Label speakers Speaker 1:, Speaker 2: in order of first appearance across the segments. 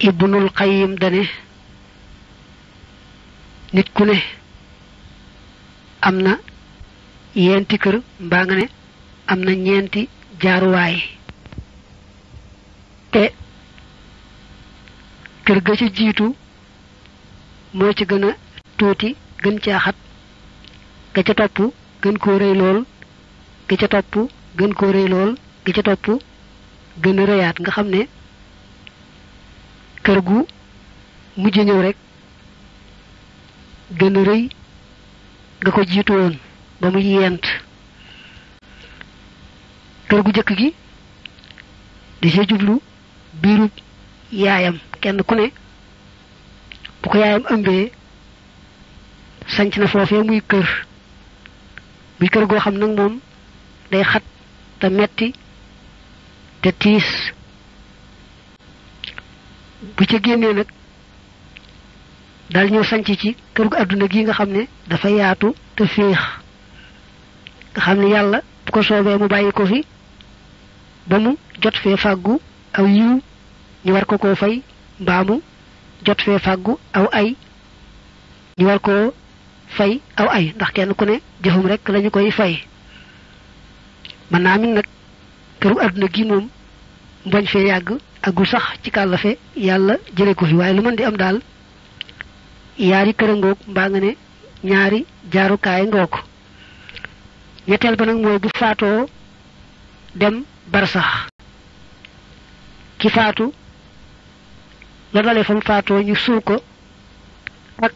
Speaker 1: ibnul Qayyim dane nit ku ne am na yenti kër mbaa nga ne am na ñeenti jaaruwaay te kër ga ci jiitu moo ci gën a tuuti gën caa xat ga ca topp gën koo rëy lool ga ca topp gën koo rëy lool ga ca topp gën a rëyaat nga xam ne kër gu mujj ñëw rek gën rëy ga ko jiitu woon ba muy yent kër gu jëkk gi di ca jublu biiru yaayam kenn ku ne bu ko yaayam ëmbee sanc na foofee muy kër muy kër goo xam nag moom day xat te metti te tiis bi ca génnee nag daal ñëw sanc ci kër gu àdduna gi nga xam ne dafa yaatu te féex nga xam ne yàlla bu ko soobee mu bàyyi ko fi ba mu jot fee fàggu aw yiw ñu war ko koo fay mbaa jot fee fàggu aw ay ñu war ko fay aw ay ndax kenn ku ne jëfum rek lañu koy fay mën naa min nag këru àdduna gi moom bañ fee yàgg agusah sax ci fe yàlla jële ko fi waaye lu mën di am daal yaari kër ngoog mbaa nga ne ñaari ñetteel ba nag mooy bu faatoo dem sax ki faatu la dalee fam faatoo ñu suul ko ak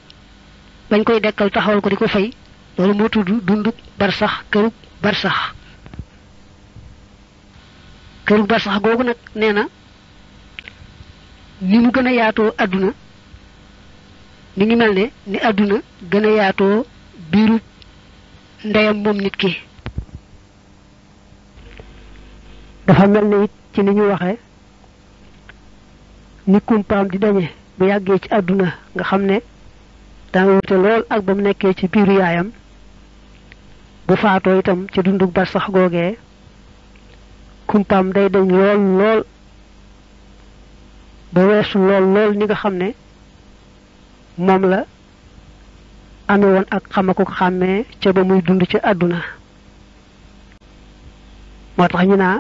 Speaker 1: bañ koy dekkal taxawal ko di fay loolu moo tudd dunduk barsax këruk sax këruk barsax googu nag nee na ni mu gën a yaatoo àdduna mu ngi mel ne ni àdduna gën a yaatoo biiru ndeyam moom nit ki dafa mel ne it ci ni ñu waxe ni kumpaam di dañe bu yàggee ci àdduna nga xam ne daa wute lool ak ba mu nekkee ci biiru yaayam bu faatoo itam ci dundu bar sax googee kumpaam day dañ lool lool ba weesu lool lool ni nga xam ne moom la ame woon ak xamako xàmmee ca ba muy dund ci àdduna moo tax ñu naa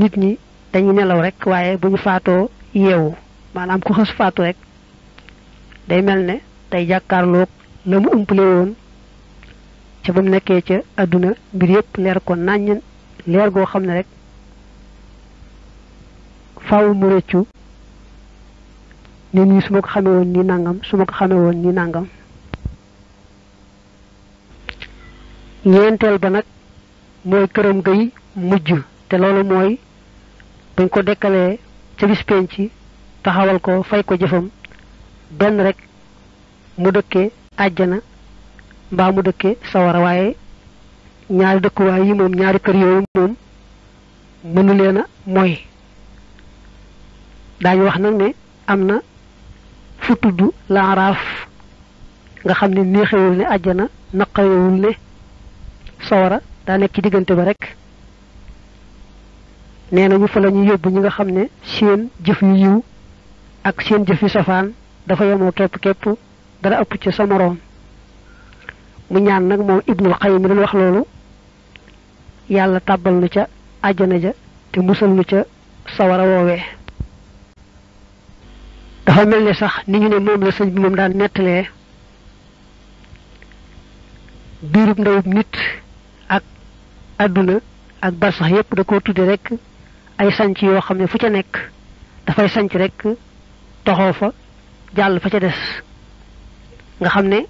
Speaker 1: nit ñi dañuy nelaw rekk waaye bu ñu faatoo yeewu maanaam ku xës faatu rek day mel ne day jàkkaarloog la mu umpale ca ba mu nekkee ca àdduna mbir yépp leer ko nàññen leer goo xam ne rek faaw mu rëccu mbir mi su ko xamee woon nii nangam su ma ko xamee woon nii nangam. ñeenteel ba nag mooy këram gay mujj te loolu mooy buñ ko dekkalee ca bis penc taxawal ko fay ko jëfam benn rek mu dëkkee àjjana mbaa mu dëkkee sawara waaye ñaari dëkkuwaay yi moom ñaari kër yooyu moom mënu mooy daañu wax nag ne am na fu tudd laaraaf nga xam ne neexewul ne àjjana naqarewul ne sawara daa nekk ci diggante ba rek nee na ñu fa la yóbbu ñi nga xam ne seen jëf yu yiw ak seen jëf yu safaan dafa yemoo képp képp dara ëpp ci sa moroom mu ñaan nag moom Ibnul Qayyim mi doon wax loolu yàlla tàbbal nu ca àjjana ja te musal nu ca sawara woowee dafa mel ne sax ni ñu ne moom la sëñ bi moom daan nettalee biirub ndawub nit ak àdduna ak barsax yépp da koo tudde rek ay sanc yoo xam ne fu ca nekk dafay sanc rek toxoo fa jàll fa ca des nga xam ne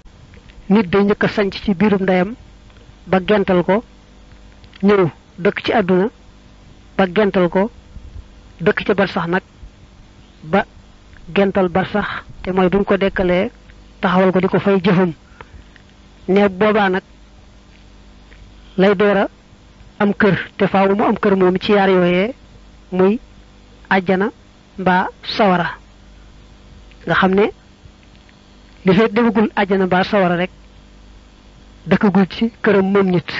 Speaker 1: nit day njëkk a ci biirub ndeyam ba gental ko ñëw dëkk ci àdduna ba gental ko dëkk ca barsax nag ba gental barsax te mooy buñ ko dekkalee taxawal ko di ko fay jëfam ne boobaa nag lay door am kër te faaw mu am kër moom ci yaar yooyee muy àjjana mbaa sawara nga xam ne li fee demagul àjjana mbaa sawara rek dëkkagul ci këram moom nit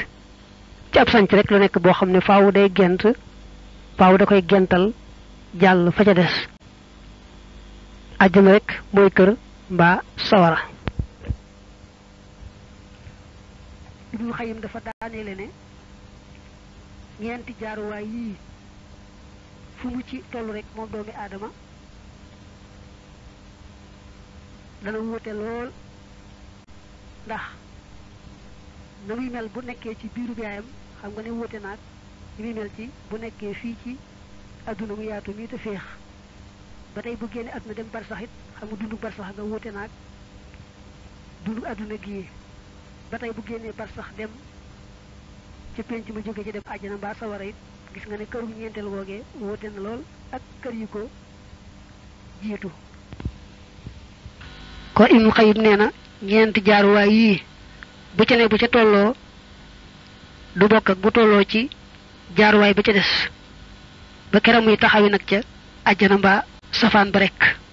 Speaker 1: ci ab sanc rek la nekk boo xam ne faaw day gent faaw da koy gental jàll fa ca des aljana rek moy kër mba sawara ibn khayyim dafa daaneele ne jaaru way yi fu mu ci tollu rek mo doomi adama dana wuté lool ndax na muy mel bu nekkee ci biiru yaayam xam nga ne wuute naag ni muy mel ci bu nekkee fii ci aduna mu yaatu mii te féex batay bu génné aduna dem bar saxit xam dundu bar sax nga wuté nak dundu aduna gi batay bu génné bar dem ci penc ma joge ci dem aljana ba sawara it gis nga ne këru ñeentel goge wuté na lool ak kër yi iya ko jitu ko ibn qayyim neena ñeent jaar way yi bu ci ne bu ci tollo du bok ak bu tollo ci jaar way bu ci dess ba taxawi nak ca aljana ba safaan ba rekk